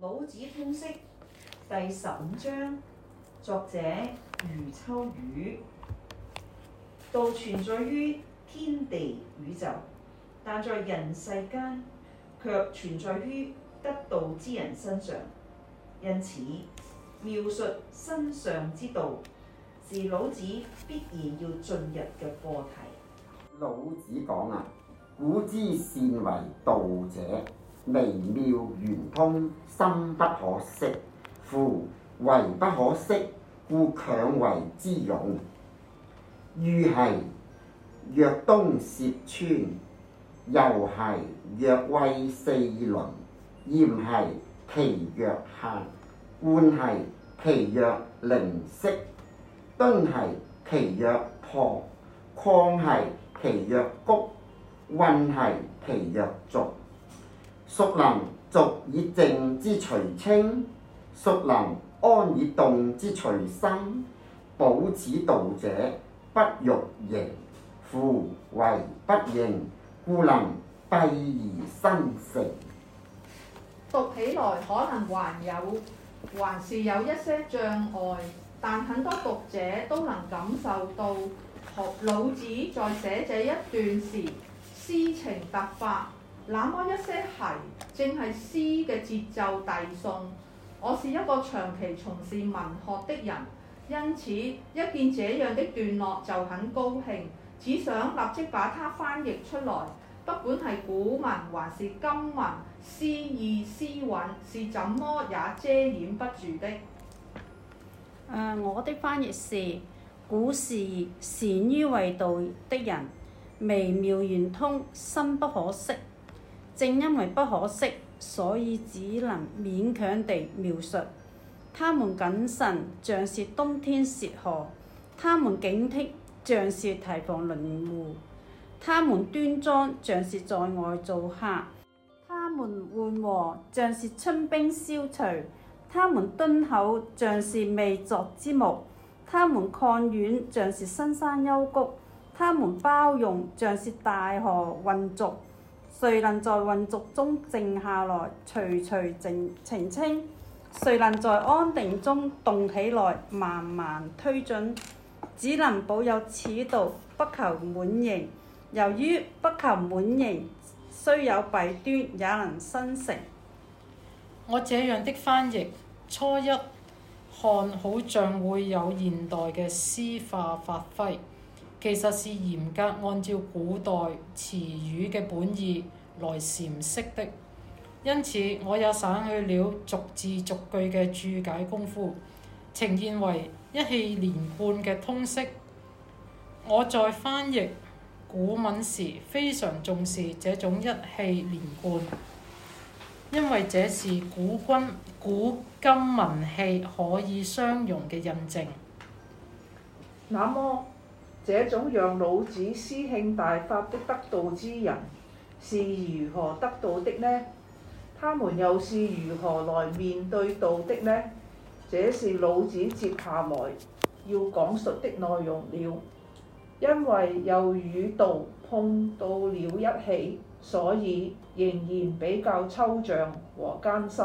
老子通釋第十五章，作者余秋雨。道存在於天地宇宙，但在人世間卻存在於得道之人身上。因此，描述身上之道是老子必然要進入嘅課題。老子講啊，古之善為道者。微妙玄通，深不可識。夫唯不可識，故強為之容。豫兮若冬涉川，猶兮若畏四鄰，儼兮其若行。渙兮其若凌釋，敦兮其若朴，曠兮其若谷，混兮其若濁。孰能濁以靜之徐清？孰能安以動之徐生？保此道者，不欲盈，夫為不盈，故能敝而生成。讀起來可能還有，還是有一些障礙，但很多讀者都能感受到，學老子在寫這一段時，詩情特發。那麼一些係正係詩嘅節奏遞送。我是一個長期從事文學的人，因此一見這樣的段落就很高興，只想立即把它翻譯出來。不管係古文還是今文，詩意詩韻是怎麼也遮掩不住的。Uh, 我的翻譯是：古時善於為道的人，微妙圓通，深不可識。正因為不可惜，所以只能勉強地描述。他們謹慎，像是冬天涉河；他們警惕，像是提防鄰戶；他們端莊，像是在外做客；他們緩和，像是春冰消除；他們敦厚，像是未作之木；他們曠遠，像是深山幽谷；他們包容，像是大河渾濁。誰能在混濁中靜下來，徐徐靜澄清？誰能在安定中動起來，慢慢推進？只能保有此道，不求滿盈。由於不求滿盈，雖有弊端，也能生成。我這樣的翻譯，初一看好像會有現代嘅詩化發揮。其實是嚴格按照古代詞語嘅本意來闡釋的，因此我也省去了逐字逐句嘅注解功夫，呈現為一氣連貫嘅通釋。我在翻譯古文時非常重視這種一氣連貫，因為這是古君古今文氣可以相容嘅印證。那麼這種讓老子詩興大發的得道之人是如何得道的呢？他們又是如何來面對道的呢？這是老子接下來要講述的內容了。因為又與道碰到了一起，所以仍然比較抽象和艱辛。